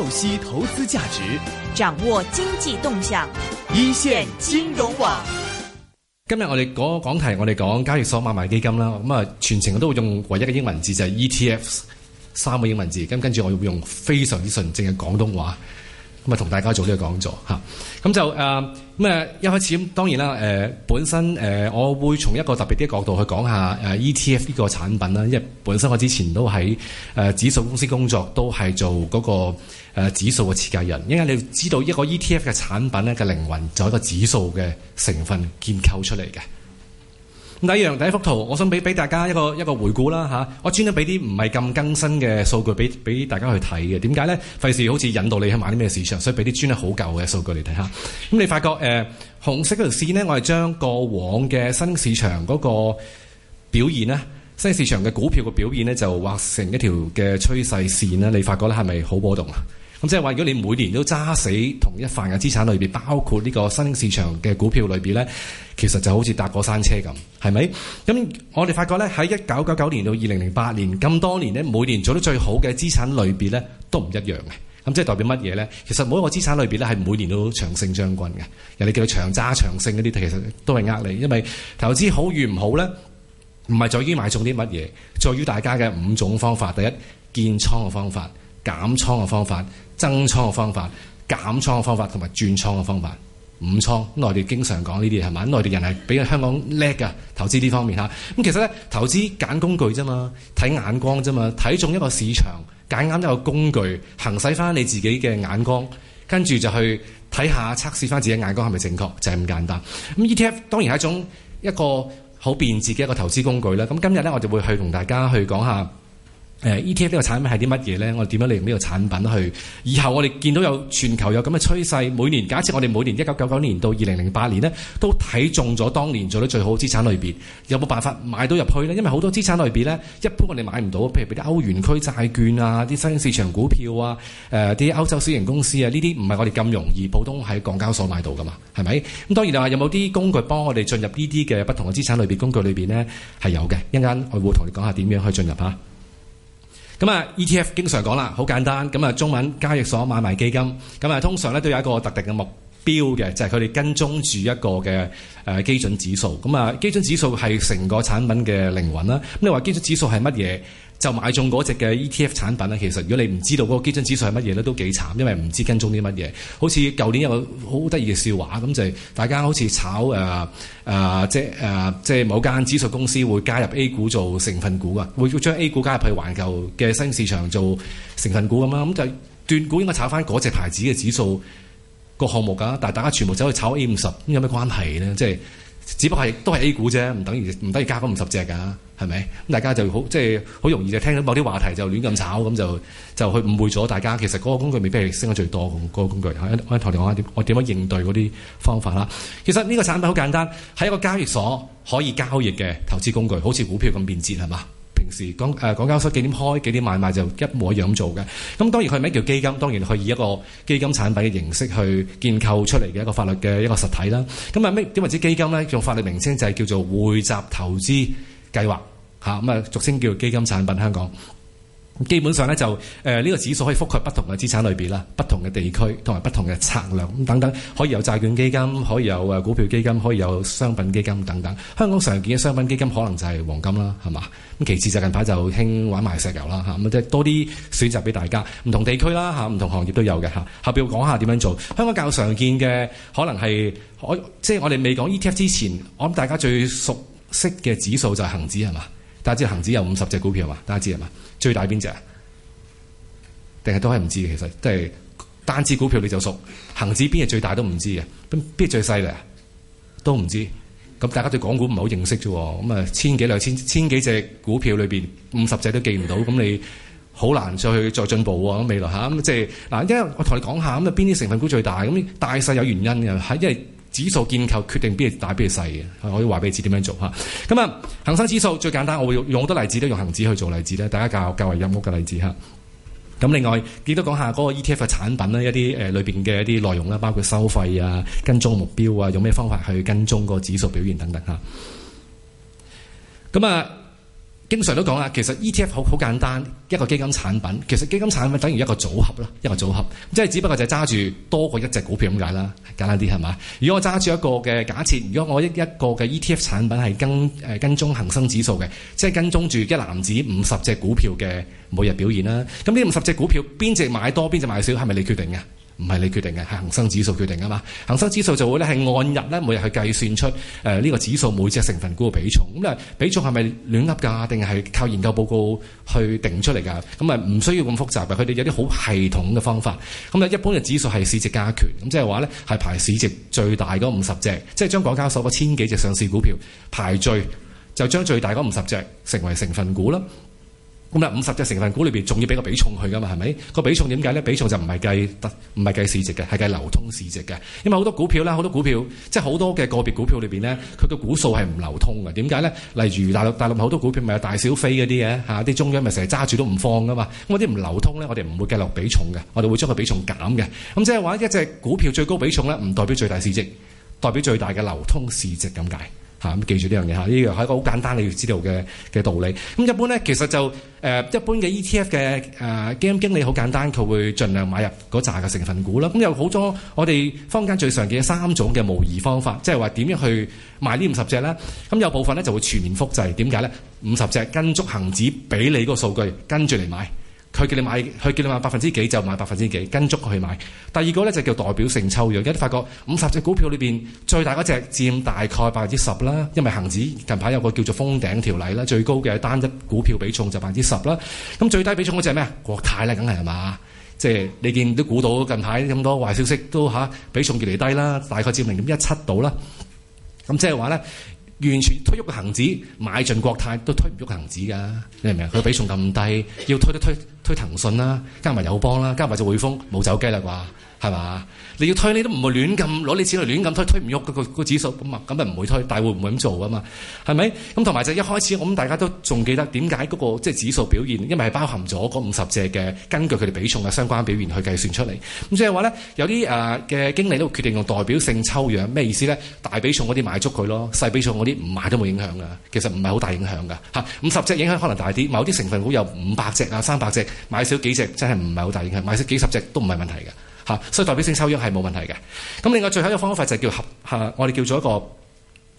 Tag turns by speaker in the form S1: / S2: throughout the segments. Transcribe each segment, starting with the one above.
S1: 透析投資價值，掌握經濟動向，一線金融網。今日我哋講講題，我哋講交易所買賣基金啦。咁啊，全程都會用唯一嘅英文字就係 ETF 三個英文字，咁跟住我會用非常之純正嘅廣東話。咁啊，同大家做呢個講座嚇。咁就誒，咁、呃、誒一開始當然啦，誒、呃、本身誒、呃、我會從一個特別啲角度去講下誒、呃、ETF 呢個產品啦。因為本身我之前都喺誒、呃、指數公司工作，都係做嗰、那個、呃、指數嘅設計人。因為你知道一個 ETF 嘅產品咧嘅靈魂就係個指數嘅成分建構出嚟嘅。第一樣第一幅圖，我想俾俾大家一個一個回顧啦嚇，我專登俾啲唔係咁更新嘅數據俾俾大家去睇嘅，點解咧？費事好似引導你去買啲咩市場，所以俾啲專登好舊嘅數據嚟睇下。咁、嗯、你發覺誒、呃、紅色嗰條線咧，我係將過往嘅新市場嗰個表現咧，新市場嘅股票嘅表現呢，就畫成一條嘅趨勢線咧。你發覺咧係咪好波動？咁即係話，如果你每年都揸死同一範嘅資產裏邊，包括呢個新興市場嘅股票裏邊呢，其實就好似搭過山車咁，係咪？咁我哋發覺呢，喺一九九九年到二零零八年咁多年呢，每年做得最好嘅資產類別呢，都唔一樣嘅。咁即係代表乜嘢呢？其實每一個資產類別呢，係每年都長勝將軍嘅。人哋叫做長揸長勝嗰啲，其實都係呃你，因為投資好與唔好呢，唔係在於買中啲乜嘢，在於大家嘅五種方法：第一，建倉嘅方法；減倉嘅方法。增倉嘅方法、減倉嘅方法同埋轉倉嘅方法，五倉內地經常講呢啲係嘛？內地人係比香港叻㗎，投資呢方面嚇。咁其實咧，投資揀工具啫嘛，睇眼光啫嘛，睇中一個市場，揀啱一個工具，行使翻你自己嘅眼光，跟住就去睇下測試翻自己眼光係咪正確，就係咁簡單。咁 ETF 當然係一種一個好便捷嘅一個投資工具啦。咁今日咧，我就會去同大家去講下。誒、呃、ETF 呢個產品係啲乜嘢咧？我哋點樣利用呢個產品去？以後我哋見到有全球有咁嘅趨勢，每年假設我哋每年一九九九年到二零零八年咧，都睇中咗當年做得最好資產類別，有冇辦法買到入去咧？因為好多資產類別咧，一般我哋買唔到，譬如啲歐元區債券啊、啲新市場股票啊、誒、呃、啲歐洲小型公司啊，呢啲唔係我哋咁容易普通喺港交所買到噶嘛，係咪？咁當然啊，有冇啲工具幫我哋進入呢啲嘅不同嘅資產類別工具裏邊咧，係有嘅。一陣間我會同你講下點樣去進入嚇。咁啊，ETF 經常講啦，好簡單。咁中文交易所買賣基金，咁啊，通常都有一個特定嘅目標嘅，就係佢哋跟蹤住一個嘅基準指數。咁、呃、啊，基準指數係成個產品嘅靈魂啦。咁你話基準指數係乜嘢？就買中嗰隻嘅 ETF 產品啦，其實如果你唔知道嗰個基準指數係乜嘢咧，都幾慘，因為唔知跟蹤啲乜嘢。好似舊年有個好得意嘅笑話，咁就係大家好似炒誒誒、呃呃、即係誒、呃、即係某間指數公司會加入 A 股做成分股啊，會會將 A 股加入去環球嘅新市場做成分股咁啦。咁就係斷股應該炒翻嗰隻牌子嘅指數個項目㗎，但係大家全部走去炒 A 五十，有咩關係咧？即係。只不過係都係 A 股啫，唔等於唔等於加嗰五十隻㗎，係咪？咁大家就好即係好容易就聽到某啲話題就亂咁炒，咁就就去誤會咗大家。其實嗰個工具未必係升得最多嘅，嗰、嗰個工具嚇。我我台聯我點我點樣應對嗰啲方法啦？其實呢個產品好簡單，係一個交易所可以交易嘅投資工具，好似股票咁便捷係嘛？平時講誒，港交所幾點開幾點買賣就一模一樣做嘅。咁當然佢係咩叫基金，當然佢以一個基金產品嘅形式去建構出嚟嘅一個法律嘅一個實體啦。咁啊咩點為之基金咧？用法律名稱就係叫做匯集投資計劃嚇。咁啊俗稱叫基金產品香港。基本上咧就誒呢、呃這個指數可以覆蓋不同嘅資產類別啦，不同嘅地區同埋不同嘅策略咁等等，可以有債券基金，可以有誒股票基金，可以有商品基金等等。香港常見嘅商品基金可能就係黃金啦，係嘛？咁其次近就近排就興玩埋石油啦，嚇咁即係多啲選擇俾大家。唔同地區啦嚇，唔同行業都有嘅嚇。後邊我講下點樣做。香港較常見嘅可能係可即係我哋未講 ETF 之前，我諗大家最熟悉嘅指數就係恒指係嘛？大家知恒指有五十隻股票係嘛？大家知係嘛？最大邊隻啊？定係都係唔知嘅，其實都係單支股票你就熟。恒指邊係最大都唔知嘅，邊邊最細㗎？都唔知。咁大家對港股唔係好認識啫。咁啊，千幾兩千千幾隻股票裏邊五十隻都記唔到，咁你好難再去再進步喎、啊。咁未來嚇咁、啊、即係嗱，因為我同你講下咁啊，邊啲成分股最大？咁大細有原因嘅，係因為。指數建構決定邊係大邊係細嘅，我可以話俾你知點樣做哈。咁啊，恒生指數最簡單，我會用好多例子都用恒指去做例子咧，大家教較為入屋嘅例子哈。咁另外記得講下嗰個 ETF 嘅產品咧，一啲誒、呃、裏邊嘅一啲內容咧，包括收費啊、跟蹤目標啊，用咩方法去跟蹤個指數表現等等哈。咁啊。經常都講啦，其實 ETF 好好簡單，一個基金產品，其實基金產品等於一個組合啦，一個組合，即係只不過就係揸住多過一隻股票咁解啦，簡單啲係嘛？如果我揸住一個嘅假設，如果我一一個嘅 ETF 產品係跟誒、呃、跟蹤恆生指數嘅，即係跟蹤住一籃子五十隻股票嘅每日表現啦，咁呢五十隻股票邊隻買多邊隻、邊隻買少，係咪你決定嘅？唔係你決定嘅，係恒生指數決定㗎嘛。恒生指數就會咧係按日咧每日去計算出誒呢、呃這個指數每隻成分股嘅比重。咁、嗯、啊，比重係咪亂噏㗎？定係靠研究報告去定出嚟㗎？咁啊唔需要咁複雜嘅。佢哋有啲好系統嘅方法。咁、嗯、咧一般嘅指數係市值加權，咁、嗯、即係話咧係排市值最大嗰五十隻，即係將港交所嗰千幾隻上市股票排序，就將最大嗰五十隻成為成分股啦。咁啊，五十隻成分股裏邊仲要俾個比重去噶嘛，係咪？個比重點解咧？比重就唔係計得，唔係計市值嘅，係計流通市值嘅。因為好多股票啦，好多股票即係好多嘅個別股票裏邊咧，佢嘅股數係唔流通嘅。點解咧？例如大陸大陸好多股票咪有大小非嗰啲嘅嚇，啲、啊、中央咪成日揸住都唔放噶嘛。咁嗰啲唔流通咧，我哋唔會計落比重嘅，我哋會將個比重減嘅。咁即係話一隻股票最高比重咧，唔代表最大市值，代表最大嘅流通市值咁解。嚇，咁記住呢樣嘢嚇，呢個係一個好簡單你要知道嘅嘅道理。咁一般咧，其實就誒、呃、一般嘅 ETF 嘅、呃、game 經理好簡單，佢會盡量買入嗰扎嘅成分股啦。咁有好多我哋坊間最常見嘅三種嘅模擬方法，即係話點樣去買只呢五十隻咧？咁有部分咧就會全面複製，點解咧？五十隻跟足恆指，俾你個數據跟住嚟買。佢叫你買，佢叫你買百分之幾就買百分之幾，跟足佢去買。第二個咧就叫代表性抽樣，一啲發覺五十隻股票裏邊最大嗰隻佔大概百分之十啦，因為恒指近排有個叫做封頂條例啦，最高嘅單一股票比重就百分之十啦。咁最低比重嗰隻係咩啊？國泰咧，梗係係嘛？即係你見都估到近排咁多壞消息都嚇、啊、比重越嚟越低啦，大概佔零點一七度啦。咁即係話咧。完全推喐個恆指，買進國泰都推唔喐個恆指㗎，你明唔明啊？佢比重咁低，要推都推推騰訊啦，加埋友邦啦，加埋隻匯豐冇走雞啦啩。係嘛？你要推你都唔會亂咁攞你錢去亂咁推，推唔喐嗰個指數咁啊，咁咪唔會推。但係會唔會咁做啊？嘛，係咪？咁同埋就一開始，我諗大家都仲記得點解嗰個即係、就是、指數表現，因為係包含咗嗰五十隻嘅根據佢哋比重嘅相關表現去計算出嚟。咁所以話咧，有啲誒嘅經理都會決定用代表性抽樣，咩意思咧？大比重嗰啲買足佢咯，細比重嗰啲唔買都冇影響㗎。其實唔係好大影響㗎。嚇，五十隻影響可能大啲，某啲成分股有五百隻啊、三百隻，買少幾隻真係唔係好大影響，買少幾十隻都唔係問題㗎。所以代表性抽樣係冇問題嘅。咁另外最後一個方法就叫合，啊，我哋叫做一個。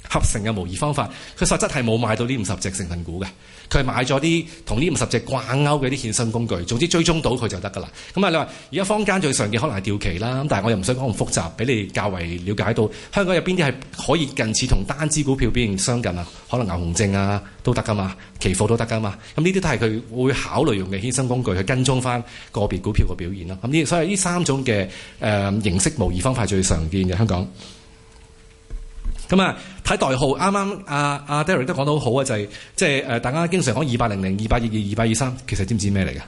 S1: 合成嘅模擬方法，佢實質係冇買到呢五十隻成分股嘅，佢係買咗啲同呢五十隻掛鈎嘅啲衍生工具。總之追蹤到佢就得噶啦。咁、嗯、啊，你話而家坊間最常見可能係掉期啦，咁但係我又唔想講咁複雜，俾你較為了解到香港有邊啲係可以近似同單支股票表現相近啊？可能牛熊證啊都得噶嘛，期貨都得噶嘛。咁呢啲都係佢會考慮用嘅衍生工具去跟蹤翻個別股票嘅表現咯。咁、嗯、呢，所以呢三種嘅誒、呃、形式模擬方法最常見嘅香港。咁啊，睇代號，啱啱阿阿 Derek 都講到好啊，就係即係誒，大家經常講二八零零、二八二二、二八二三，其實知唔知咩嚟嘅？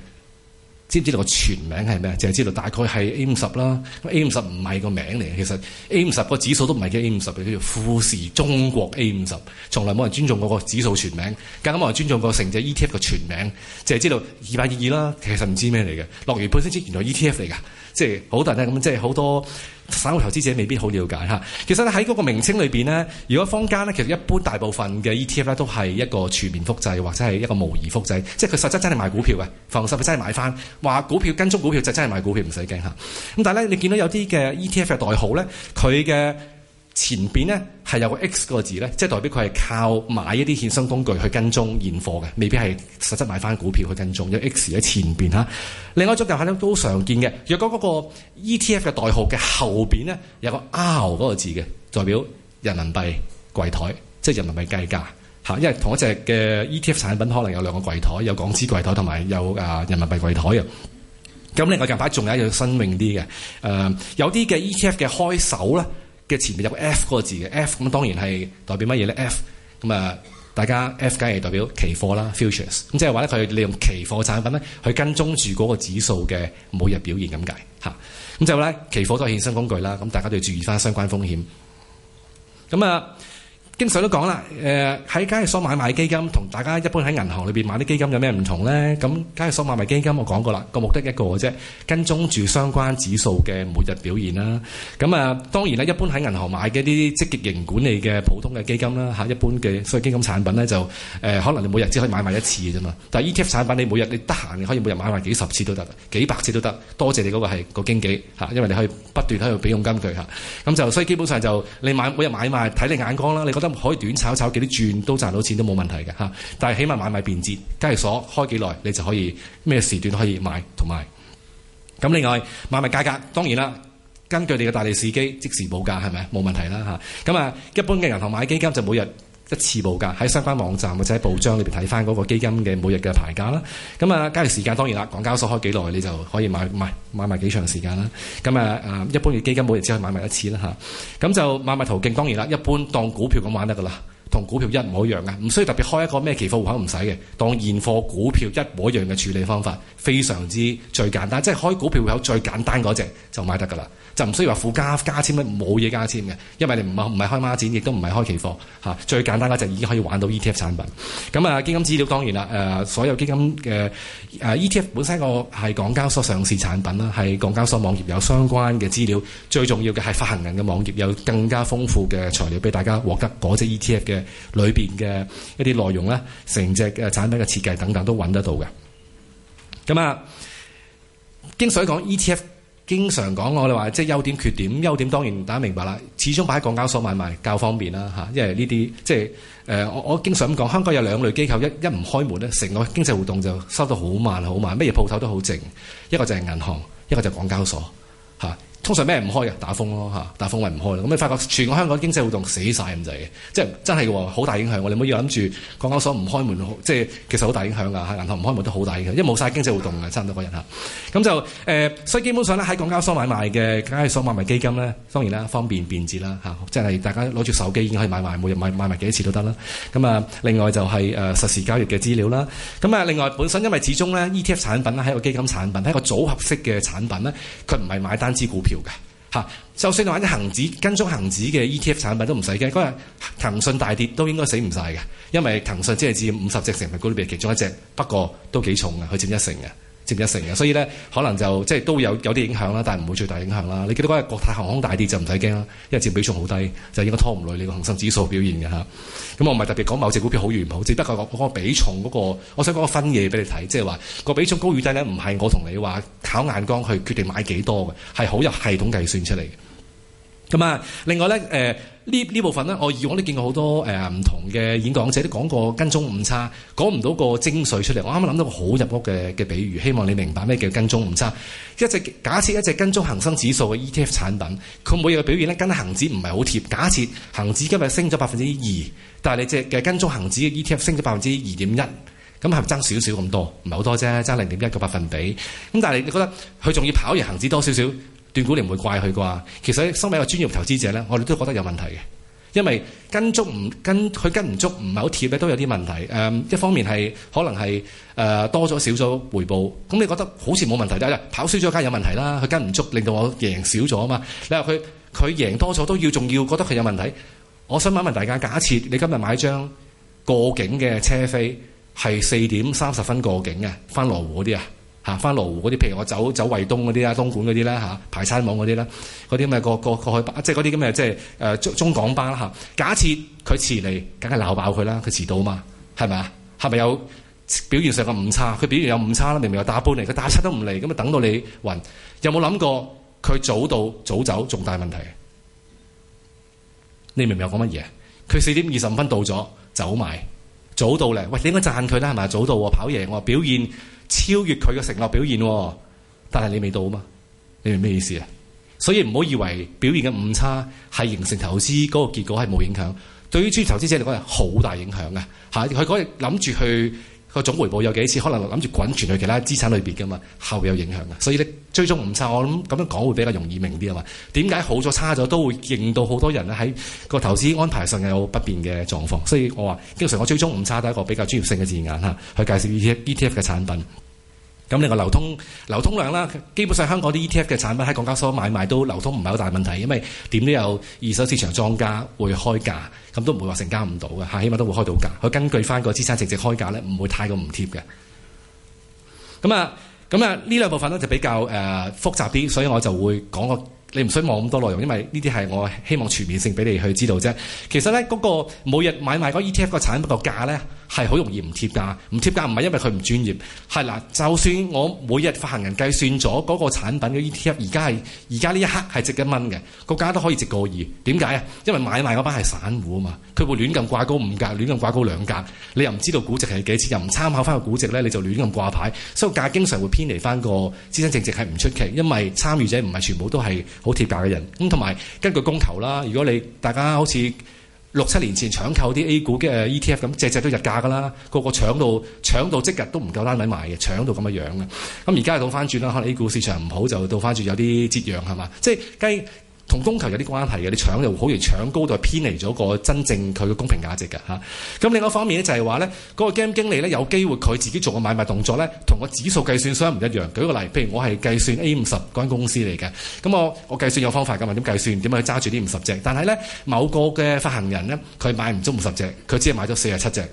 S1: 知唔知道個全名係咩？淨係知道大概係 A 五十啦。A 五十唔係個名嚟嘅，其實 A 五十個指數都唔係叫 A 五十叫做富時中國 A 五十，從來冇人尊重嗰個指數全名。更加冇人尊重個成隻 ETF 個全名。淨係知道二百二二啦，其實唔知咩嚟嘅。落完盤先知原來 ETF 嚟㗎，即係好多人咧。咁即係好多散戶投資者未必好了解嚇。其實喺嗰個名稱裏邊咧，如果坊間咧其實一般大部分嘅 ETF 咧都係一個全面複製或者係一個模擬複製，即係佢實質真係賣股票嘅，放心，佢真係買翻。話股票跟蹤股票就真係買股票唔使驚吓，咁但係咧你見到有啲嘅 ETF 嘅代號咧，佢嘅前邊咧係有個 X 嗰個字咧，即係代表佢係靠買一啲衍生工具去跟蹤現貨嘅，未必係實質買返股票去跟蹤，有 X 喺前邊吓。另外一種情況咧都好常見嘅，若果嗰個 ETF 嘅代號嘅後邊咧有個 R 嗰個字嘅，代表人民幣櫃台，即係人民幣計價。因為同一隻嘅 ETF 產品可能有兩個櫃台，有港資櫃台同埋有啊人民幣櫃台啊。咁另外近排仲有一樣新穎啲嘅，誒、呃、有啲嘅 ETF 嘅開手咧嘅前面有個 F 個字嘅 F，咁當然係代表乜嘢咧？F 咁啊，大家 F 梗係代表期貨啦，futures。咁 Fut 即係話咧，佢利用期貨產品咧去跟蹤住嗰個指數嘅每日表現咁解，嚇、啊。咁就咧，期貨都係衍生工具啦，咁大家都要注意翻相關風險。咁啊～經常都講啦，誒喺交易所買賣基金，同大家一般喺銀行裏邊買啲基金有咩唔同呢？咁交易所買賣基金我講過啦，個目的一個嘅啫，跟蹤住相關指數嘅每日表現啦、啊。咁、嗯、啊當然啦，一般喺銀行買嘅啲積極型管理嘅普通嘅基金啦、啊，嚇一般嘅所謂基金產品咧，就、呃、誒可能你每日只可以買賣一次嘅啫嘛。但係 ETF 產品你每日你得閒你可以每日買賣幾十次都得，幾百次都得。多謝你嗰個係個經紀、啊、因為你可以不斷喺度俾佣金佢嚇。咁、啊、就、啊、所以基本上就你買每日買賣睇你眼光啦，你覺得。可以短炒炒幾啲轉都賺到錢都冇問題嘅嚇，但係起碼買賣便捷，交易所開幾耐你就可以咩時段可以買,買，同埋咁另外買賣價格當然啦，根據你嘅大利市機即時報價係咪冇問題啦嚇，咁啊一般嘅銀行買基金就每日。一次報價喺相關網站或者喺報章裏邊睇翻嗰個基金嘅每日嘅牌價啦，咁啊交易時間當然啦，港交所開幾耐你就可以買買,買買賣幾長時間啦，咁啊啊一般嘅基金每日只可以買賣一次啦嚇，咁、啊、就買賣途徑當然啦，一般當股票咁玩得噶啦。同股票一模一樣嘅，唔需要特別開一個咩期貨戶口唔使嘅，當現貨股票一模一樣嘅處理方法，非常之最簡單，即係開股票戶口最簡單嗰隻就買得㗎喇，就唔需要話附加加簽乜冇嘢加簽嘅，因為你唔唔係開孖展，亦都唔係開期貨吓、啊，最簡單嗰隻已經可以玩到 ETF 產品。咁啊，基金資料當然啦，誒、呃、所有基金嘅誒、呃、ETF 本身一個係港交所上市產品啦，係港交所網頁有相關嘅資料，最重要嘅係發行人嘅網頁有更加豐富嘅材料俾大家獲得嗰隻 ETF 嘅。裏邊嘅一啲內容咧，成隻嘅產品嘅設計等等都揾得到嘅。咁啊，經常講 ETF，經常講我哋話即係優點缺點。優點當然大家明白啦，始終擺喺港交所買賣較方便啦吓。因為呢啲即係誒，我、呃、我經常咁講，香港有兩類機構，一一唔開門咧，成個經濟活動就收得好慢好慢，乜嘢鋪頭都好靜。一個就係銀行，一個就係港交所，吓、啊。通常咩唔開嘅打風咯嚇，打風咪唔開咯。咁你發覺全個香港經濟活動死晒，咁滯嘅，即係真係好大影響喎。你唔好要諗住港交所唔開門，即係其實好大影響㗎嚇。銀行唔開門都好大影響嘅，因為冇晒經濟活動嘅差唔多個人嚇。咁就誒、呃，所以基本上咧喺港交所買賣嘅，交易所買賣基金咧，當然啦，方便便捷啦嚇，即係大家攞住手機已經可以買賣，每日買買賣幾多次都得啦。咁啊，另外就係、是、誒、呃、實時交易嘅資料啦。咁啊，另外本身因為始終咧 ETF 產品咧係一個基金產品，係一個組合式嘅產品咧，佢唔係買單支股票。嘅嚇， 就算你玩啲恆指跟蹤恒指嘅 ETF 產品都唔使驚，嗰日騰訊大跌都應該死唔晒嘅，因為騰訊只係佔五十隻成分股裏邊其中一隻，不過都幾重嘅，佢佔一成嘅。佔一成嘅，所以咧可能就即係都有有啲影響啦，但係唔會最大影響啦。你記得嗰日國泰航空大跌就唔使驚啦，因為佔比重好低，就應該拖唔累你個恒生指數表現嘅嚇。咁、啊嗯、我唔係特別講某隻股票好與唔好，只不過講個比重嗰、那個。我想講個分嘢俾你睇，即係話個比重高與低咧，唔係我同你話靠眼光去決定買幾多嘅，係好有系統計算出嚟嘅。咁啊，另外咧，誒呢呢部分咧，我以往都見過好多誒唔、呃、同嘅演講者都講過跟蹤誤差，講唔到個精髓出嚟。我啱啱諗到個好入屋嘅嘅比喻，希望你明白咩叫跟蹤誤差。一隻假設一隻跟蹤恒生指數嘅 ETF 產品，佢每日嘅表現咧跟恆指唔係好貼。假設恆指今日升咗百分之二，但係你隻嘅跟蹤恆指嘅 ETF 升咗百分之二點一，咁係咪爭少少咁多，唔係好多啫，爭零點一個百分比。咁但係你覺得佢仲要跑贏恆指多少少？斷估你唔會怪佢啩？其實身為一個專業投資者咧，我哋都覺得有問題嘅，因為跟足唔跟佢跟唔足唔係好貼咧，都有啲問題。誒、嗯、一方面係可能係誒、呃、多咗少咗回報。咁你覺得好似冇問題啫？跑輸咗梗係有問題啦。佢跟唔足令到我贏少咗啊嘛。你話佢佢贏多咗都要仲要覺得佢有問題？我想問問大家，假設你今日買張過境嘅車飛，係四點三十分過境嘅，返羅湖嗰啲啊？嚇，翻羅湖嗰啲，譬如我走走惠東嗰啲啦，東莞嗰啲啦嚇，排山網嗰啲啦，嗰啲咁嘅個個過去即係嗰啲咁嘅即係誒中中港班嚇、啊。假設佢遲嚟，梗係鬧爆佢啦，佢遲到嘛，係咪啊？係咪有表現上嘅誤差？佢表現有誤差啦，明明有打波嚟，佢打七都唔嚟，咁啊等到你暈，有冇諗過佢早到早走仲大問題？你明唔明我講乜嘢？佢四點二十五分到咗，走埋早到嚟。喂，你應該讚佢啦，係咪？早到喎，跑贏喎，我表現。超越佢嘅承諾表現，但係你未到啊嘛？你明咩意思啊？所以唔好以為表現嘅誤差係形成投資嗰個結果係冇影響，對於專業投資者嚟講係好大影響嘅嚇。佢可以諗住去。個總回報有幾次可能諗住滾存去其他資產裏邊噶嘛，後有影響噶。所以咧，追蹤誤差，我諗咁樣講會比較容易明啲啊嘛。點解好咗差咗都會令到好多人咧喺個投資安排上有不便嘅狀況？所以我話經常我追蹤誤差都係一個比較專業性嘅字眼嚇，去介紹 ETF、ETF 嘅產品。咁你個流通流通量啦，基本上香港啲 ETF 嘅產品喺港交所買賣都流通唔係好大問題，因為點都有二手市場莊家會開價，咁都唔會話成交唔到嘅，嚇，起碼都會開到價，佢根據返個資產淨值開價咧，唔會太過唔貼嘅。咁啊，咁啊，呢兩部分咧就比較誒、呃、複雜啲，所以我就會講個你唔需望咁多內容，因為呢啲係我希望全面性俾你去知道啫。其實咧，嗰個每日買賣嗰 ETF 個產品個價咧。係好容易唔貼價，唔貼價唔係因為佢唔專業。係啦，就算我每日發行人計算咗嗰個產品嘅 ETF，而家係而家呢一刻係值一蚊嘅，個價都可以值過二。點解啊？因為買賣嗰班係散戶啊嘛，佢會亂咁掛高五格，亂咁掛高兩格。你又唔知道估值係幾多錢，又唔參考翻個估值咧，你就亂咁掛牌，所以價經常會偏離翻個資產淨值係唔出奇，因為參與者唔係全部都係好貼價嘅人。咁同埋根據供求啦，如果你大家好似。六七年前搶購啲 A 股嘅 ETF 咁，隻隻都日價㗎啦，個個搶到搶到即日都唔夠單位賣嘅，搶到咁嘅樣嘅。咁而家倒翻轉啦，可能 A 股市場唔好就倒翻轉有啲折讓係嘛？即係雞。同供求有啲關係嘅，你搶就好易搶高到，偏離咗個真正佢嘅公平價值嘅嚇。咁、啊、另外一方面咧，就係話咧，嗰個 game 經理咧有機會佢自己做個買賣動作咧，同個指數計算商唔一樣。舉個例，譬如我係計算 A 五十嗰間公司嚟嘅，咁我我計算有方法㗎嘛？點計算？點去揸住呢五十隻？但係咧，某個嘅發行人咧，佢買唔足五十隻，佢只係買咗四十七隻，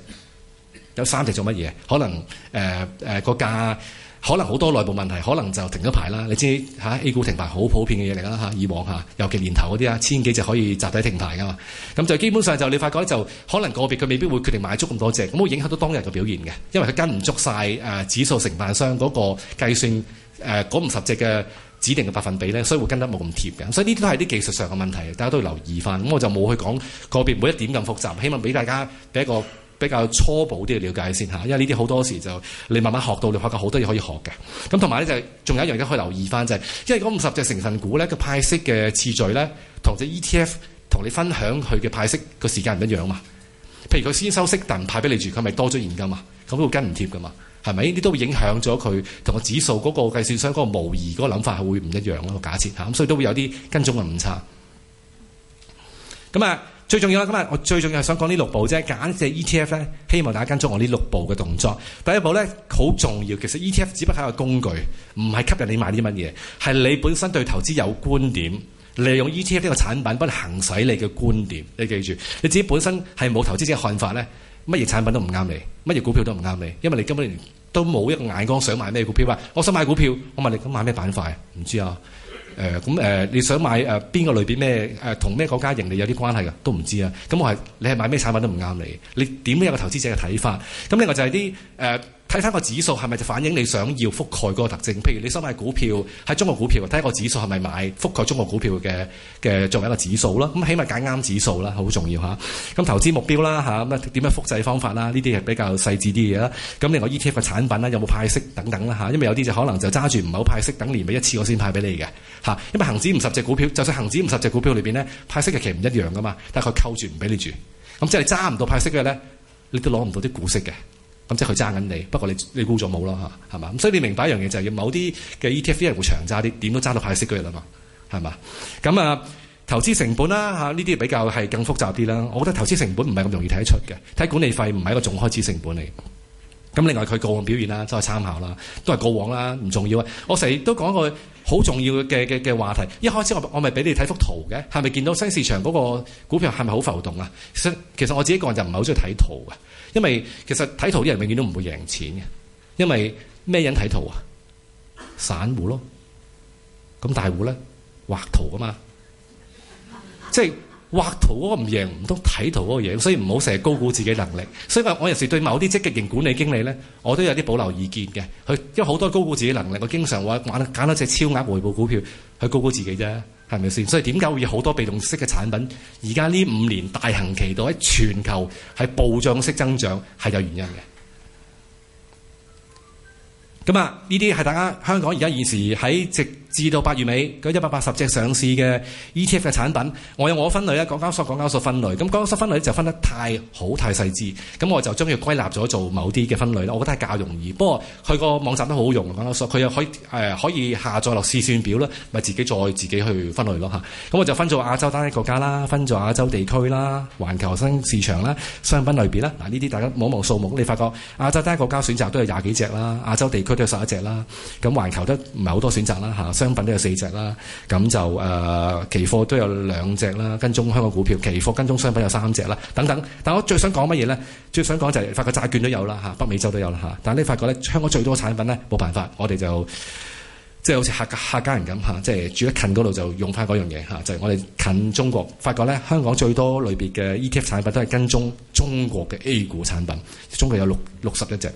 S1: 有三隻做乜嘢？可能誒誒、呃呃那個價。可能好多內部問題，可能就停咗牌啦。你知嚇、啊、A 股停牌好普遍嘅嘢嚟啦嚇，以往嚇、啊，尤其年頭嗰啲啊，千幾隻可以集體停牌噶嘛。咁就基本上就你發覺就可能個別佢未必會決定買足咁多隻，咁會影響到當日嘅表現嘅，因為佢跟唔足晒誒指數承辦商嗰個計算誒嗰、呃、五十隻嘅指定嘅百分比咧，所以會跟得冇咁貼嘅。所以呢啲都係啲技術上嘅問題，大家都要留意翻。咁我就冇去講個別每一點咁複雜，希望俾大家俾一個比較初步啲嘅了解先嚇，因為呢啲好多時就你慢慢學到，你學到好多嘢可以學嘅。咁同埋咧就係仲有一樣嘢可以留意翻就係，因為嗰五十隻成分股咧，個派息嘅次序咧，同隻 ETF 同你分享佢嘅派息個時間唔一樣嘛。譬如佢先收息，但派俾你住，佢咪多咗現金嘛？咁會跟唔貼噶嘛？係咪呢啲都會影響咗佢同個指數嗰個計算商嗰個模擬嗰個諗法係會唔一樣咯？個假設嚇，咁所以都會有啲跟蹤嘅誤差。咁啊～最重要啦！今日我最重要係想講呢六步啫，簡直 ETF 咧，希望大家跟足我呢六步嘅動作。第一步咧，好重要，其實 ETF 只不過係一個工具，唔係吸引你買啲乜嘢，係你本身對投資有觀點，利用 ETF 呢個產品，幫你行使你嘅觀點。你記住，你自己本身係冇投資者嘅看法咧，乜嘢產品都唔啱你，乜嘢股票都唔啱你，因為你根本都冇一個眼光想買咩股票啊！我想買股票，我問你咁買咩板塊？唔知啊！誒咁誒，你、呃、想買誒邊個類別咩？誒同咩國家盈利有啲關係嘅，都唔知啊。咁我係你係買咩產品都唔啱你，你點都有個投資者嘅睇法。咁另外就係啲誒。呃睇翻個指數係咪就反映你想要覆蓋嗰個特徵？譬如你想買股票，喺中國股票，睇一個指數係咪買覆蓋中國股票嘅嘅作為一個指數啦。咁起碼揀啱指數啦，好重要嚇。咁、啊、投資目標啦嚇，咁點樣複製方法啦？呢啲係比較細緻啲嘢啦。咁、啊、另外 ETF 嘅產品啦、啊，有冇派息等等啦嚇、啊。因為有啲就可能就揸住唔好派息，等年尾一次我先派俾你嘅嚇、啊。因為恒指五十隻股票，就算恒指五十隻股票裏邊咧，派息日期唔一樣噶嘛，但係佢扣住唔俾你住。咁、啊、即係你揸唔到派息嘅咧，你都攞唔到啲股息嘅。咁即係佢揸緊你，不過你你沽咗冇咯嚇，係嘛？咁所以你明白一樣嘢就係要某啲嘅 ETF 係會長揸啲，點都揸到派息嗰日啦嘛，係嘛？咁啊，投資成本啦嚇，呢啲比較係更複雜啲啦。我覺得投資成本唔係咁容易睇得出嘅，睇管理費唔係一個總開支成本嚟。咁另外佢過往表現啦，都係參考啦，都係過往啦，唔重要啊！我成日都講一個好重要嘅嘅嘅話題，一開始我我咪俾你睇幅圖嘅，係咪見到新市場嗰個股票係咪好浮動啊？其實其實我自己個人就唔係好中意睇圖嘅，因為其實睇圖啲人永遠都唔會贏錢嘅，因為咩人睇圖啊？散戶咯，咁大戶咧畫圖㗎嘛，即係。畫圖嗰個唔贏，唔通睇圖嗰個贏，所以唔好成日高估自己能力。所以話我有時對某啲積極型管理經理咧，我都有啲保留意見嘅。佢因為好多高估自己能力，我經常話揀咗隻超額回報股票，去高估自己啫，係咪先？所以點解會有好多被動式嘅產品？而家呢五年大行其道，喺全球係暴漲式增長，係有原因嘅。咁啊，呢啲係大家香港而家現時喺直。至到八月尾，嗰一百八十隻上市嘅 ETF 嘅產品，我有我分類啦，港交所港交所分類。咁港交所分類就分得太好太細緻，咁我就將佢歸納咗做某啲嘅分類啦。我覺得係較容易，不過佢個網站都好用，港交所佢又可以誒、呃、可以下載落試算表啦，咪自己再自己去分類咯嚇。咁我就分咗亞洲單一國家啦，分咗亞洲地區啦，環球新市場啦，商品類別啦。嗱，呢啲大家望一望數目，你發覺亞洲單一國家選擇都有廿幾隻啦，亞洲地區都有十一隻啦，咁環球都唔係好多選擇啦嚇。商品都有四隻啦，咁就誒、呃、期貨都有兩隻啦，跟蹤香港股票期貨、跟蹤商品有三隻啦，等等。但我最想講乜嘢呢？最想講就係發覺債券都有啦嚇，北美洲都有啦嚇。但係你發覺咧，香港最多產品呢？冇辦法，我哋就即係好似客客家人咁嚇，即、就、係、是、住得近嗰度就用翻嗰樣嘢嚇，就係、是、我哋近中國發覺咧，香港最多類別嘅 ETF 產品都係跟蹤中國嘅 A 股產品，中國有六六十一隻。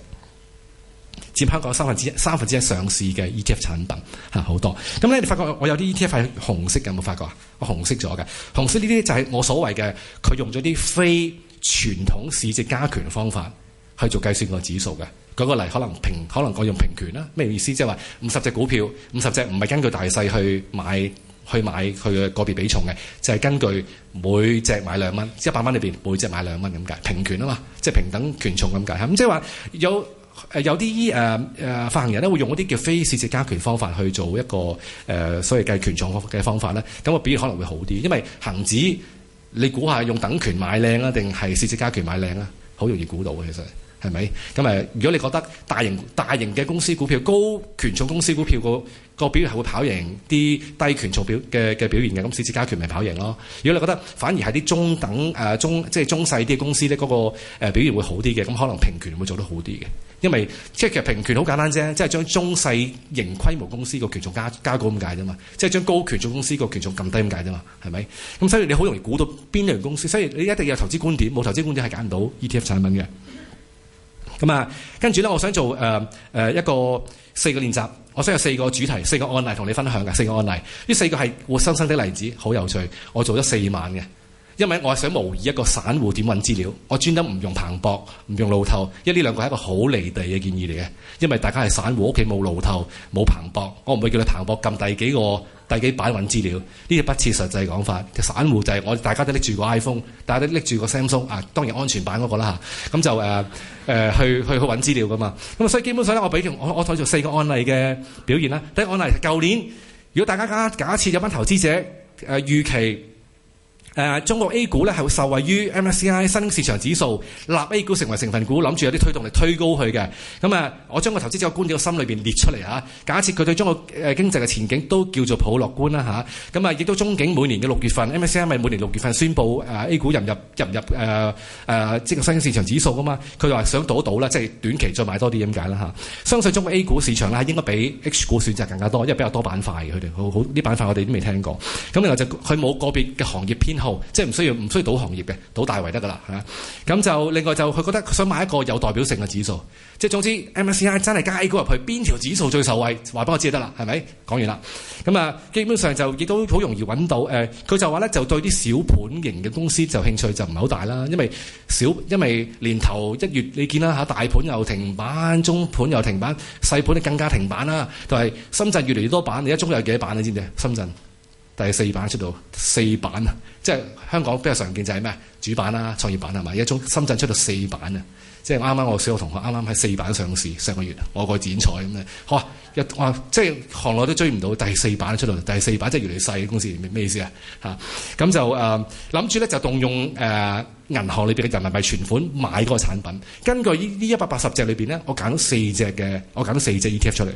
S1: 佔香港三分之一、三分之一上市嘅 ETF 產品嚇好多，咁咧你發覺我有啲 ETF 係紅色嘅，有冇發覺啊？我紅色咗嘅，紅色呢啲就係我所謂嘅佢用咗啲非傳統市值加權方法去做計算個指數嘅。舉個例，可能平，可能我用平權啦，咩意思？即係話五十隻股票，五十隻唔係根據大細去買去買佢嘅個別比重嘅，就係根據每隻買兩蚊，即一百蚊裏邊每隻買兩蚊咁計，平權啊嘛，即係平等權重咁計咁即係話有。誒有啲依誒誒發行人，咧會用嗰啲叫非市值加權方法去做一個誒、呃、所謂計權重嘅方法咧，咁、那個表現可能會好啲，因為恒指你估下用等權買靚啊，定係市值加權買靚啊，好容易估到嘅其實。係咪？咁誒，如果你覺得大型大型嘅公司股票、高權重公司股票個、那個表現係會跑贏啲低權重表嘅嘅表現嘅，咁市值加權咪跑贏咯。如果你覺得反而係啲中等誒、呃、中即係中細啲公司咧，嗰、那個表現會好啲嘅，咁可能平權會做得好啲嘅，因為即係其實平權好簡單啫，即係將中細型規模公司個權重加加高咁解啫嘛，即係將高權重公司個權重撳低咁解啫嘛，係咪？咁所以你好容易估到邊樣公司，所以你一定要有投資觀點，冇投資觀點係揀唔到 ETF 產品嘅。咁啊，跟住咧，我想做一個四個練習，我想有四個主題、四個案例同你分享嘅四個案例，呢四個係活生生的例子，好有趣，我做咗四晚嘅。因為我係想模擬一個散戶點揾資料，我專登唔用彭博，唔用路透，因為呢兩個係一個好離地嘅建議嚟嘅。因為大家係散戶，屋企冇路透，冇彭博，我唔會叫你彭博撳第幾個、第幾版揾資料，呢啲不切實際講法。散戶就係我大家都拎住個 iPhone，大家都拎住個 Samsung 啊，當然安全版嗰、嗰個啦嚇。咁就誒誒去去去揾資料㗎嘛。咁、啊、所以基本上咧，我俾我我睇住四個案例嘅表現啦。第一個案例，舊年如果大家假假設有班投資者誒、啊、預期。誒中國 A 股咧係會受惠於 MSCI 新興市場指數立 A 股成為成分股，諗住有啲推動力推高佢嘅。咁啊，我將個投資者觀點嘅心裏邊列出嚟嚇。假設佢對中國誒經濟嘅前景都叫做好樂觀啦嚇。咁啊，亦都中景每年嘅六月份 MSCI 咪每年六月份宣佈誒 A 股入入入入誒誒即係新興市場指數噶嘛？佢話想做得到啦，即係短期再買多啲咁解啦嚇。相信中國 A 股市場咧應該比 H 股選擇更加多，因為比較多板塊佢哋好好啲板塊我哋都未聽過。咁另外就佢冇個別嘅行業偏即係唔需要唔需要賭行業嘅，賭大圍得噶啦嚇。咁就另外就佢覺得佢想買一個有代表性嘅指數，即係總之 MSCI 真係加 A 股入去，邊條指數最受惠？話俾我知就得啦，係咪？講完啦。咁啊，基本上就亦都好容易揾到誒，佢、呃、就話咧就對啲小盤型嘅公司就興趣就唔係好大啦，因為小因為年頭一月你見啦嚇，大盤又停板，中盤又停板，細盤啊更加停板啦。但、就、係、是、深圳越嚟越多板，你而家中國有幾多板你知唔知深圳？第四板出到四板，啊！即係香港比較常見就係咩？主板啦、創業板係嘛？而家中深圳出到四板，啊！即係啱啱我小學同學啱啱喺四板上市上個月，我個剪彩咁咧。好啊，日哇、啊！即係行內都追唔到第四板出到，第四板，第四板即係越嚟越細嘅公司，明咩意思啊？嚇、啊、咁就誒諗住咧，就動用誒、呃、銀行裏邊嘅人民幣存款買嗰個產品。根據呢呢一百八十隻裏邊咧，我揀咗四隻嘅，我揀咗四隻 ETF 出嚟。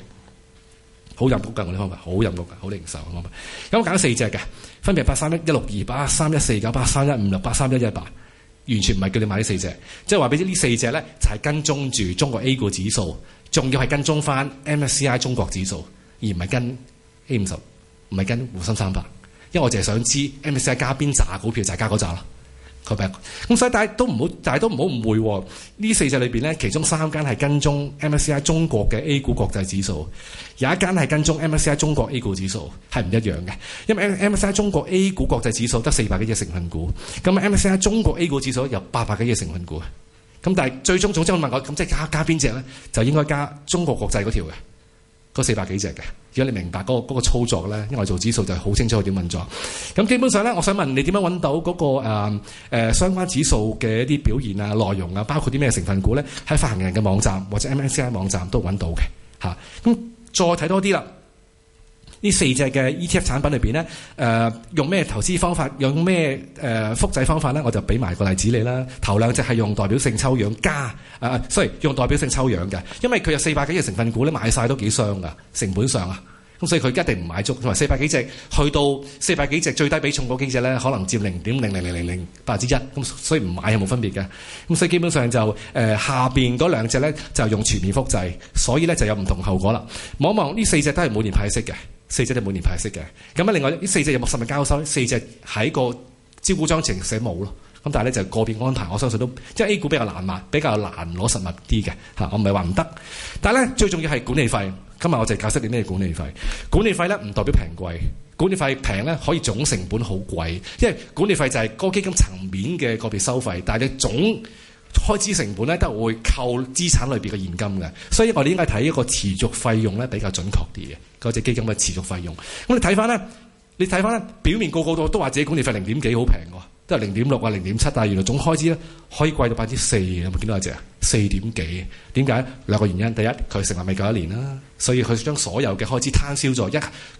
S1: 好入局㗎，我啲方法好入局㗎，好零售嘅方法。咁我揀咗四隻嘅，分別係八三一、一六二、八三一四九、八三一五六、八三一一八。完全唔係叫你買呢四隻，即係話俾你呢四隻咧就係、是、跟蹤住中國 A 股指數，仲要係跟蹤翻 MSCI 中國指數，而唔係跟 A 五十，唔係跟滬深三百。因為我淨係想知 MSCI 加邊紮股票就係、是、加嗰扎啦。咁、嗯、所以大家都唔好，但係都唔好誤會喎、哦。四裏呢四隻裏邊咧，其中三間係跟蹤 MSCI 中國嘅 A 股國際指數，有一間係跟蹤 MSCI 中國 A 股指數，係唔一樣嘅。因為 MSCI 中國 A 股國際指數得四百幾隻成分股，咁 MSCI 中國 A 股指數有八百幾隻成分股。咁但係最終總之我問我，咁即係加加邊隻咧，就應該加中國國際嗰條嘅。嗰四百幾隻嘅，如果你明白嗰個嗰個操作咧，因為做指數就係好清楚點運作。咁基本上咧，我想問你點樣揾到嗰個誒、呃呃、相關指數嘅一啲表現啊、內容啊，包括啲咩成分股咧，喺發行人嘅網站或者 MSCI 網站都揾到嘅嚇。咁、啊、再睇多啲啦。呢四隻嘅 ETF 產品裏邊咧，誒、呃、用咩投資方法，用咩誒、呃、複製方法咧？我就俾埋個例子你啦。頭兩隻係用代表性抽樣加，誒、呃，所以用代表性抽樣嘅，因為佢有四百幾隻成分股咧，買晒都幾雙傷噶，成本上啊，咁、嗯、所以佢一定唔買足同埋四百幾隻，去到四百幾隻最低比重嗰幾隻咧，可能佔零點零零零零零百分之一，咁所以唔買係冇分別嘅。咁、嗯、所以基本上就誒、呃、下邊嗰兩隻咧就用全面複製，所以咧就有唔同後果啦。望望呢四隻都係每年派息嘅。四隻都每年派息嘅，咁啊，另外呢四隻有冇實物交收？四隻喺個招股章程寫冇咯，咁但係咧就個別安排，我相信都，因為 A 股比較難買，比較難攞實物啲嘅嚇，我唔係話唔得，但係咧最重要係管理費。今日我就係解釋你咩管理費。管理費咧唔代表平貴，管理費平咧可以總成本好貴，因為管理費就係個基金層面嘅個別收費，但係你總開支成本咧都會扣資產裏邊嘅現金嘅，所以我哋應該睇一個持續費用咧比較準確啲嘅。嗰隻基金嘅持續費用，噉你睇翻咧，你睇翻咧，表面個個都都話自己管理費零點幾好平㗎。都係零點六啊，零點七啊，但原來總開支咧可以貴到百分之四，有冇見到嗰隻啊？四點幾？點解？兩個原因，第一，佢成立未夠一年啦，所以佢將所有嘅開支攤銷咗，一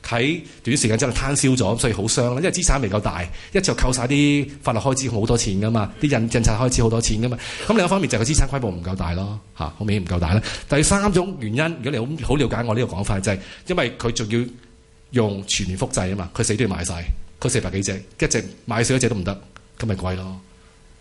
S1: 喺短時間之內攤銷咗，所以好傷啦。因為資產未夠大，一就扣晒啲法律開支好多錢噶嘛，啲印印刷開支好多錢噶嘛。咁另一方面就係個資產規模唔夠大咯，嚇，好明顯唔夠大啦。第三種原因，如果你好好瞭解我呢個講法，就是，就係因為佢仲要用全面複製啊嘛，佢死都要買晒，佢四百幾隻，一直買少一隻都唔得。咁咪貴咯，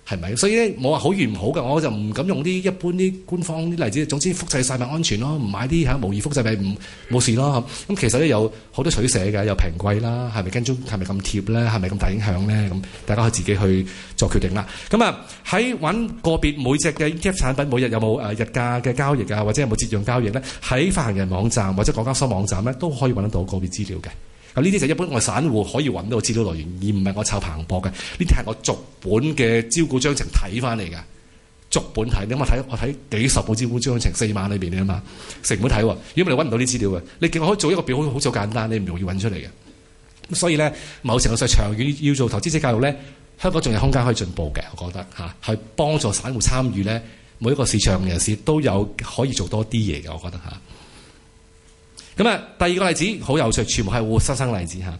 S1: 係咪？所以咧，我話好與唔好嘅，我就唔敢用啲一般啲官方啲例子。總之，複製晒咪安全咯，唔買啲嚇、啊、無意複製咪唔冇事咯。咁其實咧有好多取捨嘅，又平貴啦，係咪跟蹤？係咪咁貼咧？係咪咁大影響咧？咁大家可以自己去做決定啦。咁啊，喺揾個別每隻嘅 ETF 產品每日有冇誒溢價嘅交易啊，或者有冇折讓交易咧？喺發行人網站或者港交所網站咧，都可以揾得到個別資料嘅。呢啲就一般我散戶可以揾到資料來源，而唔係我湊彭博嘅。呢啲係我逐本嘅招股章程睇翻嚟嘅，逐本睇，因為睇我睇幾十部招股章程，四萬裏邊嘅嘛，成本睇。如果你揾唔到啲資料嘅，你見我、啊、可以做一個表，好似好簡單，你唔容易揾出嚟嘅。咁所以咧，某程度上，長遠要做投資者教育咧，香港仲有空間可以進步嘅，我覺得嚇，去、啊、幫助散戶參與咧，每一個市場人士都有可以做多啲嘢嘅，我覺得嚇。啊咁啊，第二個例子好有趣，全部係活生生例子嚇。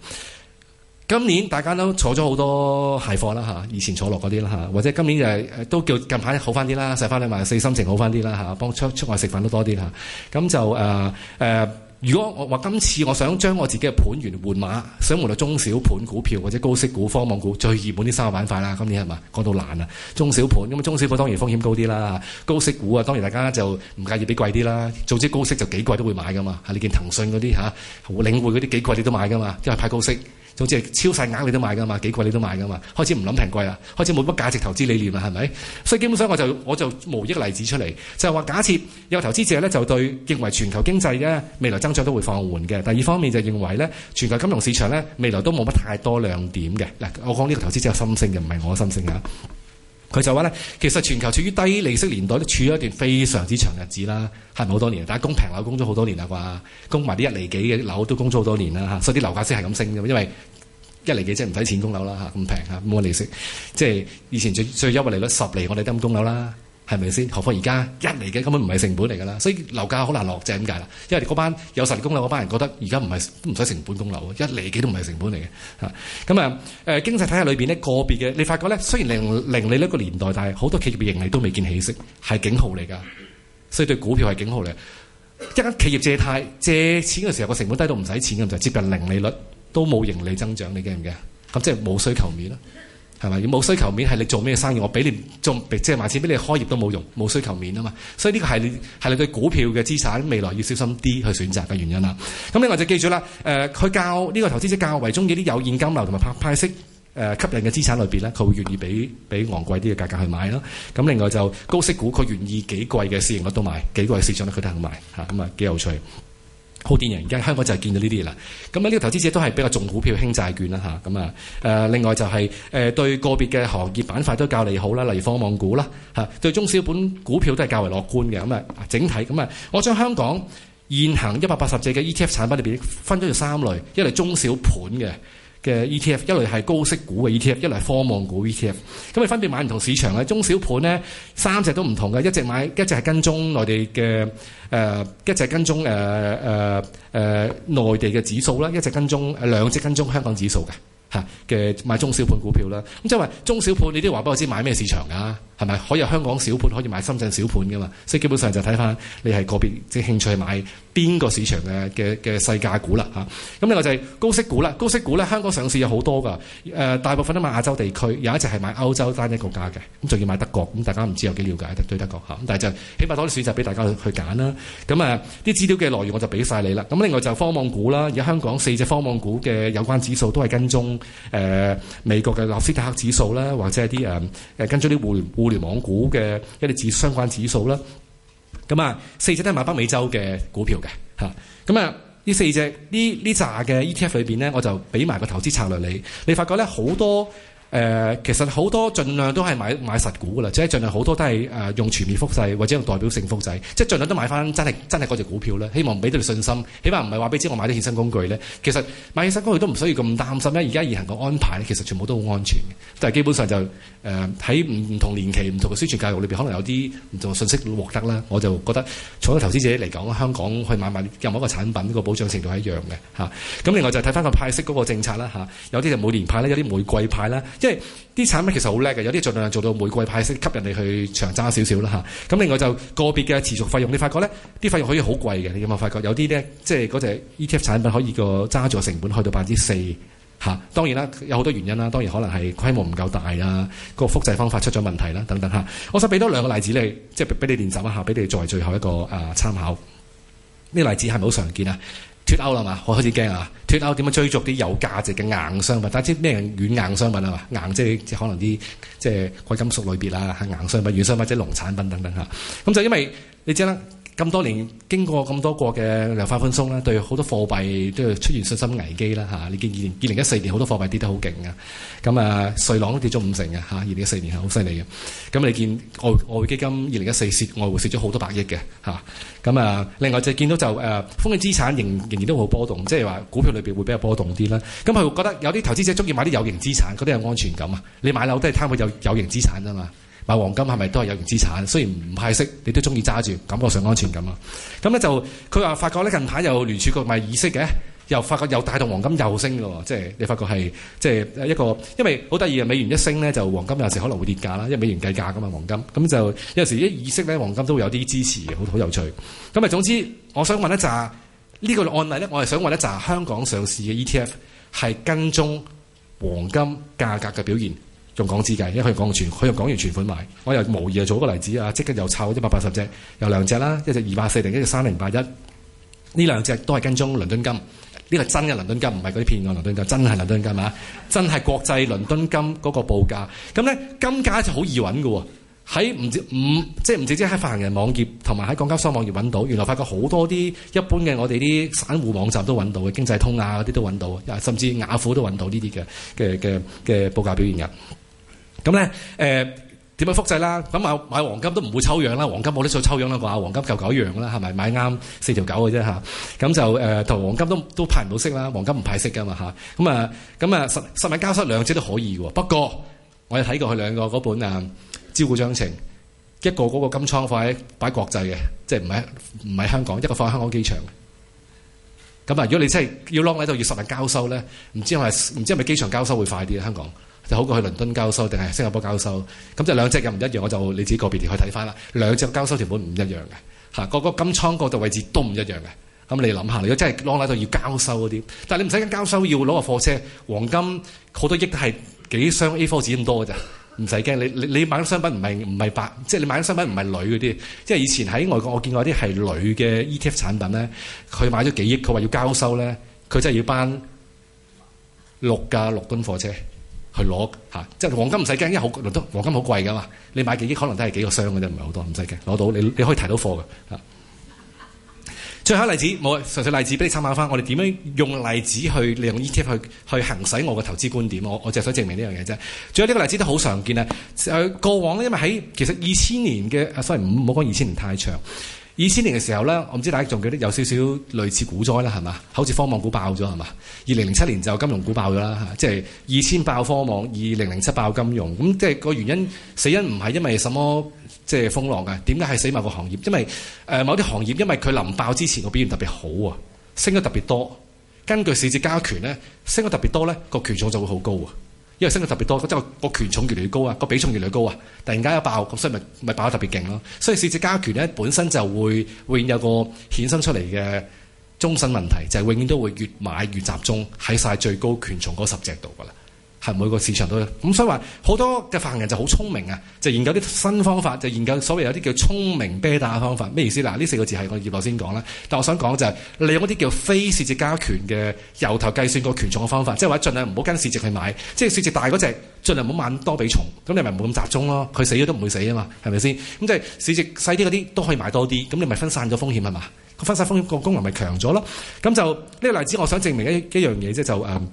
S1: 今年大家都坐咗好多蟹貨啦嚇，以前坐落嗰啲啦嚇，或者今年就誒、係、都叫近排好翻啲啦，食翻啲埋四，心情好翻啲啦嚇，幫出出外食飯都多啲嚇。咁就誒誒。呃呃如果我話今次我想將我自己嘅盤元換馬，想換到中小盤股票或者高息股、科網股、最熱門呢三個板塊啦，今年係嘛？講到難啦，中小盤咁啊，中小盤當然風險高啲啦，高息股啊，當然大家就唔介意畀貴啲啦。早知高息就幾貴都會買噶嘛，嚇，你見騰訊嗰啲嚇，領匯嗰啲幾貴你都買噶嘛，因為派高息。總之係超細額你都買㗎嘛，幾貴你都買㗎嘛，開始唔諗平貴啦，開始冇乜價值投資理念啦，係咪？所以基本上我就我就無一個例子出嚟，就係話假設有投資者咧就對認為全球經濟咧未來增長都會放緩嘅，第二方面就認為咧全球金融市場咧未來都冇乜太多亮點嘅。嗱，我講呢個投資者有心聲就唔係我心聲啊。佢就話呢，其實全球處於低利息年代都處咗一段非常之長的日子啦，係咪好多年？大家供平樓供咗好多年啦啩，供埋啲一厘幾嘅樓都供咗好多年啦，所以啲樓價先係咁升啫，因為一厘幾即係唔使錢供樓啦嚇，咁平嚇冇乜利息，即係以前最最優惠利率十厘，我哋都咁供樓啦。係咪先？何況而家一嚟嘅根本唔係成本嚟噶啦，所以樓價好難落，就係咁解啦。因為嗰班有實力供樓嗰班人覺得，而家唔係唔使成本供樓，一嚟嘅都唔係成本嚟嘅嚇。咁啊，誒、呃、經濟體系裏邊咧，個別嘅你發覺咧，雖然零零利率一個年代，但係好多企業嘅盈利都未見起色，係警號嚟噶。所以對股票係警號嚟。一間企業借貸借錢嘅時候，個成本低到唔使錢咁就接近零利率，都冇盈利增長，你驚唔驚？咁即係冇需求面啦。係咪要冇需求面，係你做咩生意？我俾你做，即係買錢俾你開業都冇用，冇需求面啊嘛。所以呢個係你係你對股票嘅資產未來要小心啲去選擇嘅原因啦。咁另外就記住啦，誒、呃、佢較呢個投資者較為中意啲有現金流同埋派派息誒吸引嘅資產裏邊咧，佢會願意俾俾昂貴啲嘅價格去買啦。咁另外就高息股，佢願意幾貴嘅市盈率都買，幾貴嘅市漲率佢都肯買嚇咁啊，幾有趣。鋪店人而家香港就係見到呢啲啦，咁啊呢個投資者都係比較重股票輕債券啦嚇，咁啊誒、啊、另外就係、是、誒、呃、對個別嘅行業板塊都較利好啦，例如科網股啦嚇、啊，對中小盤股票都係較為樂觀嘅咁啊，整體咁啊，我將香港現行一百八十隻嘅 ETF 產品裏邊分咗做三類，一係中小盤嘅嘅 ETF，一類係高息股嘅 ETF，一類係科網股 ETF。咁你分別買唔同市場嘅中小盤咧，三隻都唔同嘅，一隻買，一隻係跟蹤內地嘅，誒、呃，一隻跟蹤誒誒誒內地嘅指數啦，一隻跟蹤兩隻跟蹤香港指數嘅嚇嘅買中小盤股票啦。咁即係話中小盤，你都話畀我知買咩市場㗎，係咪？可以香港小盤，可以買深圳小盤㗎嘛？所以基本上就睇翻你係個別即係、就是、興趣買。邊個市場嘅嘅嘅世界股啦嚇？咁、啊、另外就係高息股啦，高息股咧香港上市有好多噶，誒、呃、大部分都買亞洲地區，有一隻係買歐洲單一國家嘅，咁、嗯、仲要買德國，咁、嗯、大家唔知有幾了解得對德國嚇？咁、啊、但係就是起碼多啲選擇俾大家去去揀啦。咁啊，啲、啊、資料嘅來源我就俾晒你啦。咁、啊、另外就係科網股啦，而、呃、香港四隻科網股嘅有關指數都係跟蹤誒、呃、美國嘅納斯達克指數啦，或者係啲誒誒跟蹤啲互聯互聯網股嘅一啲指相關指數啦。咁啊，四隻都係買北美洲嘅股票嘅嚇。咁啊，呢四隻呢呢扎嘅 ETF 裏邊咧，我就俾埋個投資策略你。你發覺咧好多誒、呃，其實好多儘量都係買買實股噶啦，即係儘量好多都係誒、呃、用全面複製或者用代表性複製，即係儘量都買翻真係真係嗰隻股票咧。希望俾到你信心，起碼唔係話俾你知我買啲衍生工具咧。其實買衍生工具都唔需要咁擔心咧。而家而行嘅安排咧，其實全部都好安全嘅。但係基本上就。誒喺唔同年期唔同嘅宣傳教育裏邊，可能有啲唔同嘅信息會獲得啦。我就覺得，從投資者嚟講，香港去買賣任何一個產品，個保障程度係一樣嘅嚇。咁、啊嗯、另外就睇翻個派息嗰個政策啦嚇、啊。有啲就每年派啦，有啲每季派啦。因為啲產品其實好叻嘅，有啲儘量做到每季派息，吸引你去長揸少少啦嚇。咁、啊嗯、另外就個別嘅持續費用，你發覺咧，啲費用可以好貴嘅。你有冇發覺有呢？有、就、啲、是、咧，即係嗰隻 ETF 產品可以個揸住成本去到百分之四。嚇，當然啦，有好多原因啦。當然可能係規模唔夠大啊，個複製方法出咗問題啦、啊，等等嚇、啊。我想俾多兩個例子你，即係俾你練習一下，俾你做為最後一個啊參考。咩、呢個、例子係咪好常見啊？脱歐啦嘛，我開始驚啊！脱歐點樣追逐啲有價值嘅硬商品？但知咩軟硬商品啊？硬即係即係可能啲即係貴金屬類別啦，硬商品、軟商品，商品即係農產品等等嚇。咁、啊、就因為你知啦。咁多年經過咁多國嘅量化寬鬆咧，對好多貨幣都出現信心危機啦嚇。你見二零二零一四年好多貨幣跌得好勁嘅，咁啊瑞郎都跌咗五成嘅嚇。二零一四年係好犀利嘅。咁你見外外匯基金二零一四年蝕外匯蝕咗好多百億嘅嚇。咁啊，另外就見到就誒、啊、風險資產仍仍然都好波動，即係話股票裏邊會比較波動啲啦。咁佢會覺得有啲投資者中意買啲有形資產，嗰啲有安全感啊。你買樓都係貪佢有有形資產啊嘛。買黃金係咪都係有形資產？雖然唔派息，你都中意揸住，感覺上安全感咯。咁咧就佢話發覺咧近排又聯儲局賣意息嘅，又發覺又帶動黃金又升嘅喎，即係你發覺係即係一個，因為好得意嘅美元一升咧就黃金有陣時可能會跌價啦，因為美元計價噶嘛黃金。咁就有陣時啲意息咧黃金都會有啲支持嘅，好好有趣。咁啊，總之我想問一紮呢、呢個案例咧，我係想問一紮香港上市嘅 ETF 係跟蹤黃金價格嘅表現。仲講資格，因為佢講個存，佢又講完全款買，我又無意啊做一個例子啊，即刻又炒一百八十隻，有兩隻啦，一隻二百四零，一隻三零八一，呢兩隻都係跟蹤倫敦金，呢個真嘅倫敦金，唔係嗰啲騙案倫敦金，真係倫敦金啊。真係國際倫敦金嗰個報價。咁咧金價就好易揾嘅喎，喺唔知五，即係唔止只喺發行人網頁同埋喺港交所網頁揾到，原來發覺好多啲一般嘅我哋啲散戶網站都揾到嘅，經濟通啊嗰啲都揾到，甚至雅虎都揾到呢啲嘅嘅嘅嘅報價表現嘅。咁咧，誒點樣複製啦？咁買買黃金都唔會抽樣啦，黃金冇得就抽樣啦，講下黃金嚿狗一樣啦，係咪買啱四條狗嘅啫嚇？咁、啊、就誒同、呃、黃金都都派唔到息啦，黃金唔派息噶嘛嚇。咁啊咁啊實、實物交收兩隻都可以喎。不過我有睇過佢兩個嗰本啊，招股章程，一個嗰個金倉放喺擺國際嘅，即係唔係唔係香港，一個放喺香港機場。咁啊，如果你真係要 lock 喺度，要實物交收咧，唔知係唔知係咪機場交收會快啲咧？香港。就好過去倫敦交收定係新加坡交收，咁就兩隻又唔一樣。我就你自己個別條去睇翻啦，兩隻交收條本唔一樣嘅，嚇個個金倉嗰度位置都唔一樣嘅。咁你諗下，如果真係攞嚟度要交收嗰啲，但係你唔使驚交收要攞個貨車，黃金好多億都係幾箱 A4 紙咁多嘅咋。唔使驚。你你你買啲商品唔係唔係白，即係你買啲商品唔係女嗰啲，即係以前喺外國我見過啲係女嘅 ETF 產品咧，佢買咗幾億，佢話要交收咧，佢真係要搬六架六噸貨車。去攞嚇，即係黃金唔使驚，因為好都黃金好貴㗎嘛。你買幾億可能都係幾個箱嘅啫，唔係好多，唔使驚。攞到你你可以提到貨嘅嚇。最後例子，我純粹例子俾你參考翻，我哋點樣用例子去利用 ETF 去去行使我嘅投資觀點。我我就係想證明呢樣嘢啫。最後呢個例子都好常見啊。誒，過往因為喺其實二千年嘅誒，所以唔好講二千年太長。二千年嘅時候咧，我唔知大家仲記得有少少類似股災啦，係嘛？好似科網股爆咗係嘛？二零零七年就金融股爆咗啦，即係二千爆科網，二零零七爆金融。咁即係個原因死因唔係因為什麼即係風浪啊？點解係死某個行業？因為誒、呃、某啲行業因為佢臨爆之前個表現特別好啊，升得特別多。根據市值加權咧，升得特別多咧，個權重就會好高啊。因為升得特別多，即係個權重越嚟越高啊，個比重越嚟越高啊，突然間一爆，咁所以咪咪爆得特別勁咯。所以市值加權咧，本身就會永遠有個衍生出嚟嘅終身問題，就係、是、永遠都會越買越集中喺晒最高權重嗰十隻度㗎啦。係每個市場都有，咁、嗯，所以話好多嘅發行人就好聰明啊，就研究啲新方法，就研究所謂有啲叫聰明 beta 嘅方法，咩意思？嗱，呢四個字係我業內先講啦。但我想講就係利用嗰啲叫非市值加權嘅由頭計算個權重嘅方法，即係話盡量唔好跟市值去買，即係市值大嗰隻盡量唔好買多比重，咁你咪唔會咁集中咯。佢死咗都唔會死啊嘛，係咪先？咁即係市值細啲嗰啲都可以買多啲，咁你咪分散咗風險係嘛？個分散風險個功能咪強咗咯？咁就呢、這個例子，我想證明一幾樣嘢啫，即就誒。嗯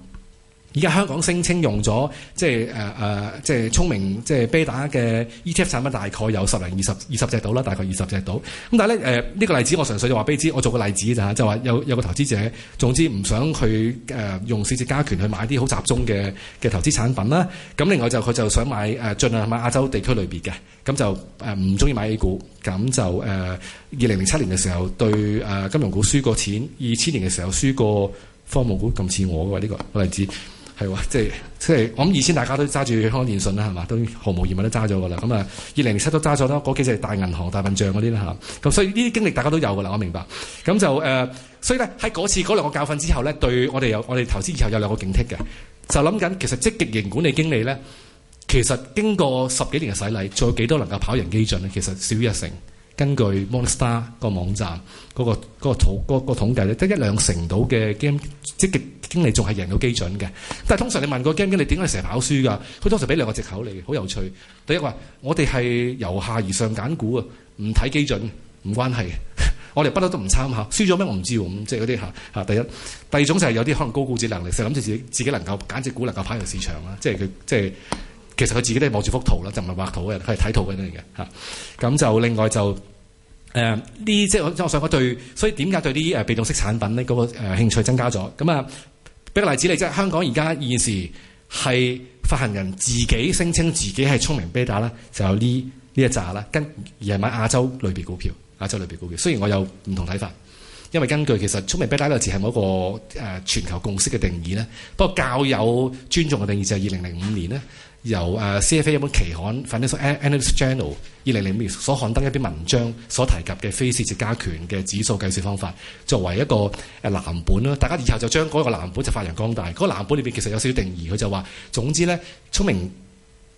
S1: 而家香港聲稱用咗即係誒誒，即係、呃、聰明即係 Beta 嘅 ETF 產品，大概有十零二十二十隻到啦，大概二十隻到。咁但係咧誒呢、呃這個例子，我純粹就話俾你知，我做個例子咋就話有有個投資者，總之唔想去誒、呃、用市值加權去買啲好集中嘅嘅投資產品啦。咁另外就佢、是、就想買誒，盡量買亞洲地區裏邊嘅。咁就誒唔中意買 A 股。咁就誒二零零七年嘅時候對誒金融股輸過錢，二千年嘅時候輸過科目股咁似我嘅呢、這個例子。係即係即係，我諗以前大家都揸住康電訊啦，係嘛，都毫無疑問都揸咗噶啦。咁啊，二零零七都揸咗啦，嗰幾隻大銀行大笨象嗰啲啦，嚇。咁所以呢啲經歷大家都有噶啦，我明白。咁就誒、呃，所以咧喺嗰次嗰兩個教訓之後咧，對我哋有我哋投資以後有兩個警惕嘅，就諗緊其實積極型管理經理咧，其實經過十幾年嘅洗禮，再有幾多能夠跑贏基準咧，其實少於一成。根據 Morningstar 個網站嗰、嗰個嗰、嗰個嗰個嗰個統計咧，得一兩成到嘅基金積極。經理仲係贏到基準嘅，但係通常你問個基金經理你點解成日跑輸㗎？佢通常俾兩個藉口嚟，好有趣。第一話，我哋係由下而上揀股啊，唔睇基準，唔關係。 我哋不嬲都唔參考，輸咗咩我唔知喎、嗯。即係嗰啲嚇嚇。第一，第二種就係有啲可能高估自己能力，就諗住自己自己能夠揀隻股能夠跑贏市場啦。即係佢即係其實佢自己都係望住幅圖啦，就唔係畫圖嘅，佢係睇圖嗰嚟嘅嚇。咁、啊、就另外就誒呢、呃？即係我我想我對，所以點解對啲誒被動式產品咧嗰、那個誒、呃、興趣增加咗？咁啊？俾個例子你即係，香港而家現時係發行人自己聲稱自己係聰明 beta 啦，就有呢呢一扎啦，跟而係買亞洲類別股票、亞洲類別股票。雖然我有唔同睇法，因為根據其實聰明 beta 呢個字係某一個誒、呃、全球共識嘅定義咧，不過較有尊重嘅定義就係二零零五年咧。由誒 CFA 一本期刊 Financial Analysts Journal 二零零五所刊登一篇文章所提及嘅非市值加權嘅指數計算方法，作為一個誒藍本啦。大家以後就將嗰個藍本就發揚光大。嗰、那個藍本裏邊其實有少少定義，佢就話總之咧，聰明、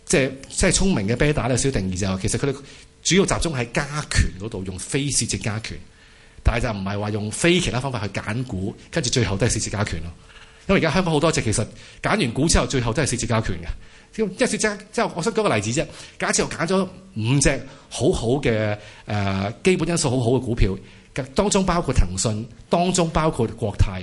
S1: 就是、即係即係聰明嘅啤打有少少定義就係、是、其實佢哋主要集中喺加權嗰度用非市值加權，但係就唔係話用非其他方法去揀股，跟住最後都係市值加權咯。因為而家香港好多隻其實揀完股之後，最後都係市值加權嘅。即係說真，即係我想舉嗰個例子啫。假設我揀咗五隻好好嘅誒基本因素好好嘅股票，當中包括騰訊，當中包括國泰。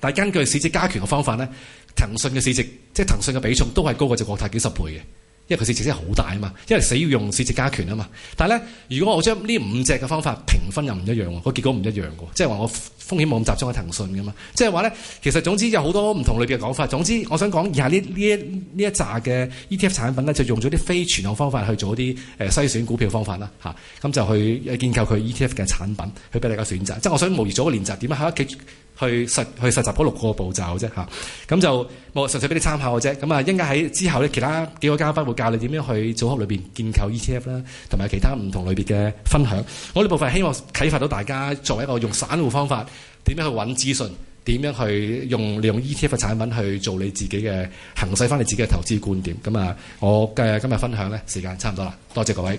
S1: 但係根據市值加權嘅方法咧，騰訊嘅市值即係騰訊嘅比重都係高過隻國泰幾十倍嘅。因為佢市值真係好大啊嘛，因為死要用市值加權啊嘛。但係咧，如果我將呢五隻嘅方法評分又唔一樣喎，個結果唔一樣喎，即係話我風險冇咁集中喺騰訊㗎嘛。即係話咧，其實總之有好多唔同類別嘅講法。總之，我想講以下呢呢一呢一扎嘅 E T F 產品咧，就用咗啲非傳統方法去做啲誒篩選股票方法啦嚇，咁、啊、就去建構佢 E T F 嘅產品去俾大家選擇。即、就、係、是、我想模擬咗個練習，點啊喺屋企。去實去實習嗰六個步驟啫嚇，咁、啊、就我純粹俾你參考嘅啫。咁啊，應該喺之後咧，其他幾個嘉賓會教你點樣去組合裏邊建構 ETF 啦、啊，同埋其他唔同類別嘅分享。我呢部分希望啟發到大家作為一個用散戶方法點樣去揾資訊，點樣去用利用 ETF 嘅產品去做你自己嘅行使翻你自己嘅投資觀點。咁啊，我嘅今日分享咧，時間差唔多啦，多謝各位。